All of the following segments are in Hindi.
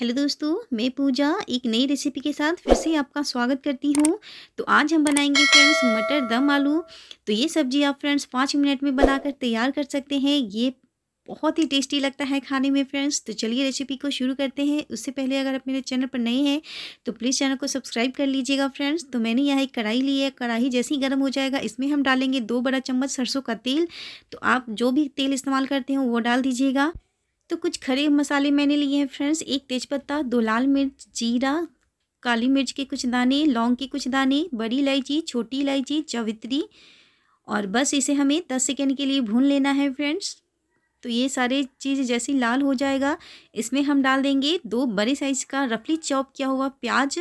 हेलो दोस्तों मैं पूजा एक नई रेसिपी के साथ फिर से आपका स्वागत करती हूँ तो आज हम बनाएंगे फ्रेंड्स मटर दम आलू तो ये सब्जी आप फ्रेंड्स पाँच मिनट में बनाकर तैयार कर सकते हैं ये बहुत ही टेस्टी लगता है खाने में फ्रेंड्स तो चलिए रेसिपी को शुरू करते हैं उससे पहले अगर आप मेरे चैनल पर नए हैं तो प्लीज़ चैनल को सब्सक्राइब कर लीजिएगा फ्रेंड्स तो मैंने यहाँ एक कढ़ाई ली है कढ़ाई जैसे ही गर्म हो जाएगा इसमें हम डालेंगे दो बड़ा चम्मच सरसों का तेल तो आप जो भी तेल इस्तेमाल करते हो वो डाल दीजिएगा तो कुछ खड़े मसाले मैंने लिए हैं फ्रेंड्स एक तेज़पत्ता दो लाल मिर्च जीरा काली मिर्च के कुछ दाने लौंग के कुछ दाने बड़ी इलायची छोटी इलायची चवित्री और बस इसे हमें दस सेकेंड के लिए भून लेना है फ्रेंड्स तो ये सारे चीज़ जैसे लाल हो जाएगा इसमें हम डाल देंगे दो बड़े साइज़ का रफली चॉप किया हुआ प्याज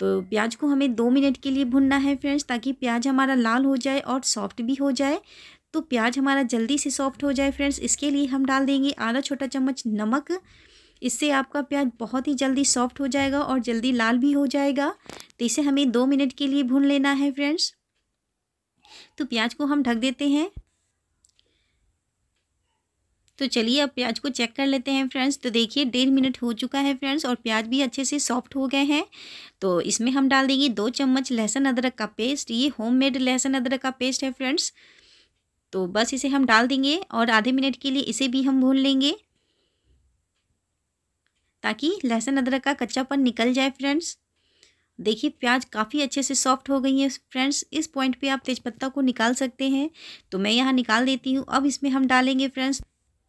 तो प्याज को हमें दो मिनट के लिए भुनना है फ्रेंड्स ताकि प्याज हमारा लाल हो जाए और सॉफ्ट भी हो जाए तो प्याज हमारा जल्दी से सॉफ्ट हो जाए फ्रेंड्स इसके लिए हम डाल देंगे आधा छोटा चम्मच नमक इससे आपका प्याज बहुत ही जल्दी सॉफ्ट हो जाएगा और जल्दी लाल भी हो जाएगा तो इसे हमें दो मिनट के लिए भून लेना है फ्रेंड्स तो प्याज को हम ढक देते हैं तो चलिए अब प्याज को चेक कर लेते हैं फ्रेंड्स तो देखिए डेढ़ मिनट हो चुका है फ्रेंड्स और प्याज भी अच्छे से सॉफ्ट हो गए हैं तो इसमें हम डाल देंगे दो चम्मच लहसुन अदरक का पेस्ट ये होममेड लहसुन अदरक का पेस्ट है फ्रेंड्स तो बस इसे हम डाल देंगे और आधे मिनट के लिए इसे भी हम भून लेंगे ताकि लहसुन अदरक का कच्चापन निकल जाए फ्रेंड्स देखिए प्याज काफ़ी अच्छे से सॉफ्ट हो गई है फ्रेंड्स इस पॉइंट पे आप तेज़पत्ता को निकाल सकते हैं तो मैं यहाँ निकाल देती हूँ अब इसमें हम डालेंगे फ्रेंड्स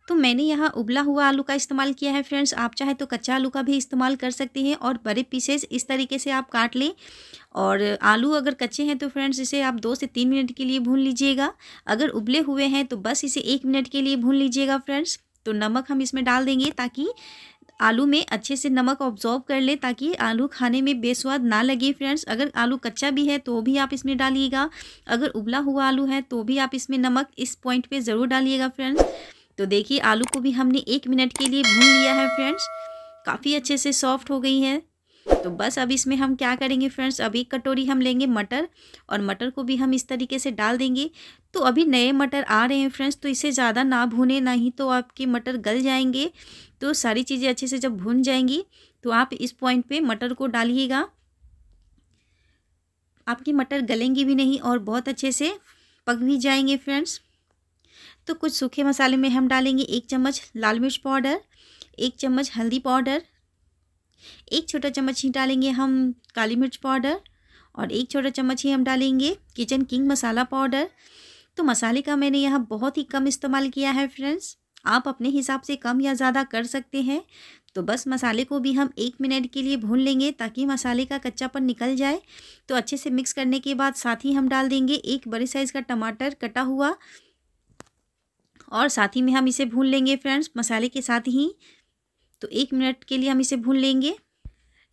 तो मैंने यहाँ उबला हुआ आलू का इस्तेमाल किया है फ्रेंड्स आप चाहे तो कच्चा आलू का भी इस्तेमाल कर सकते हैं और बड़े पीसेस इस तरीके से आप काट लें और आलू अगर कच्चे हैं तो फ्रेंड्स इसे आप दो से तीन मिनट के लिए भून लीजिएगा अगर उबले हुए हैं तो बस इसे एक मिनट के लिए भून लीजिएगा फ्रेंड्स तो नमक हम इसमें डाल देंगे ताकि आलू में अच्छे से नमक ऑब्जॉर्व कर ले ताकि आलू खाने में बेस्वाद ना लगे फ्रेंड्स अगर आलू कच्चा भी है तो भी आप इसमें डालिएगा अगर उबला हुआ आलू है तो भी आप इसमें नमक इस पॉइंट पे ज़रूर डालिएगा फ्रेंड्स तो देखिए आलू को भी हमने एक मिनट के लिए भून लिया है फ्रेंड्स काफ़ी अच्छे से सॉफ्ट हो गई है तो बस अब इसमें हम क्या करेंगे फ्रेंड्स अब एक कटोरी हम लेंगे मटर और मटर को भी हम इस तरीके से डाल देंगे तो अभी नए मटर आ रहे हैं फ्रेंड्स तो इसे ज़्यादा ना भूने ना ही तो आपके मटर गल जाएंगे तो सारी चीज़ें अच्छे से जब भून जाएंगी तो आप इस पॉइंट पे मटर को डालिएगा आपके मटर गलेंगे भी नहीं और बहुत अच्छे से पक भी जाएंगे फ्रेंड्स तो कुछ सूखे मसाले में हम डालेंगे एक चम्मच लाल मिर्च पाउडर एक चम्मच हल्दी पाउडर एक छोटा चम्मच ही डालेंगे हम काली मिर्च पाउडर और एक छोटा चम्मच ही हम डालेंगे किचन किंग मसाला पाउडर तो मसाले का मैंने यहाँ बहुत ही कम इस्तेमाल किया है फ्रेंड्स आप अपने हिसाब से कम या ज़्यादा कर सकते हैं तो बस मसाले को भी हम एक मिनट के लिए भून लेंगे ताकि मसाले का कच्चापन निकल जाए तो अच्छे से मिक्स करने के बाद साथ ही हम डाल देंगे एक बड़े साइज़ का टमाटर कटा हुआ और साथ ही में हम इसे भून लेंगे फ्रेंड्स मसाले के साथ ही तो एक मिनट के लिए हम इसे भून लेंगे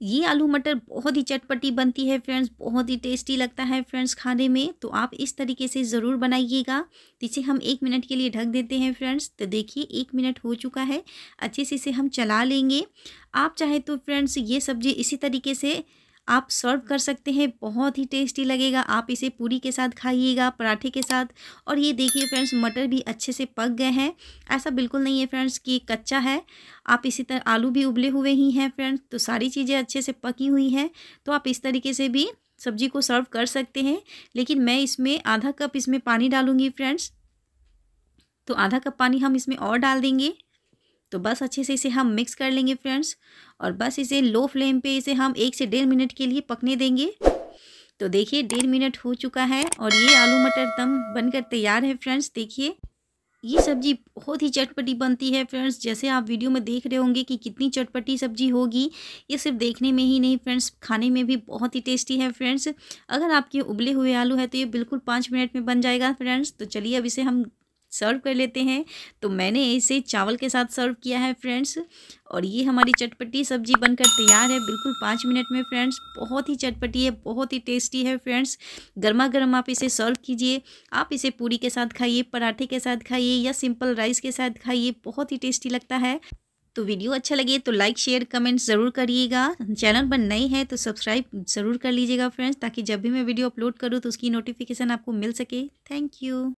ये आलू मटर बहुत ही चटपटी बनती है फ्रेंड्स बहुत ही टेस्टी लगता है फ्रेंड्स खाने में तो आप इस तरीके से ज़रूर बनाइएगा तो इसे हम एक मिनट के लिए ढक देते हैं फ्रेंड्स तो देखिए एक मिनट हो चुका है अच्छे से इसे हम चला लेंगे आप चाहे तो फ्रेंड्स ये सब्ज़ी इसी तरीके से आप सर्व कर सकते हैं बहुत ही टेस्टी लगेगा आप इसे पूरी के साथ खाइएगा पराठे के साथ और ये देखिए फ्रेंड्स मटर भी अच्छे से पक गए हैं ऐसा बिल्कुल नहीं है फ्रेंड्स कि कच्चा है आप इसी तरह आलू भी उबले हुए ही हैं फ्रेंड्स तो सारी चीज़ें अच्छे से पकी हुई हैं तो आप इस तरीके से भी सब्जी को सर्व कर सकते हैं लेकिन मैं इसमें आधा कप इसमें पानी डालूँगी फ्रेंड्स तो आधा कप पानी हम इसमें और डाल देंगे तो बस अच्छे से इसे हम मिक्स कर लेंगे फ्रेंड्स और बस इसे लो फ्लेम पे इसे हम एक से डेढ़ मिनट के लिए पकने देंगे तो देखिए डेढ़ मिनट हो चुका है और ये आलू मटर दम बनकर तैयार है फ्रेंड्स देखिए ये सब्जी बहुत ही चटपटी बनती है फ्रेंड्स जैसे आप वीडियो में देख रहे होंगे कि कितनी चटपटी सब्जी होगी ये सिर्फ देखने में ही नहीं फ्रेंड्स खाने में भी बहुत ही टेस्टी है फ्रेंड्स अगर आपके उबले हुए आलू है तो ये बिल्कुल पाँच मिनट में बन जाएगा फ्रेंड्स तो चलिए अब इसे हम सर्व कर लेते हैं तो मैंने इसे चावल के साथ सर्व किया है फ्रेंड्स और ये हमारी चटपटी सब्जी बनकर तैयार है बिल्कुल पाँच मिनट में फ्रेंड्स बहुत ही चटपटी है बहुत ही टेस्टी है फ्रेंड्स गर्मा गर्म आप इसे सर्व कीजिए आप इसे पूरी के साथ खाइए पराठे के साथ खाइए या सिंपल राइस के साथ खाइए बहुत ही टेस्टी लगता है तो वीडियो अच्छा लगे तो लाइक शेयर कमेंट ज़रूर करिएगा चैनल पर नए हैं तो सब्सक्राइब ज़रूर कर लीजिएगा फ्रेंड्स ताकि जब भी मैं वीडियो अपलोड करूँ तो उसकी नोटिफिकेशन आपको मिल सके थैंक यू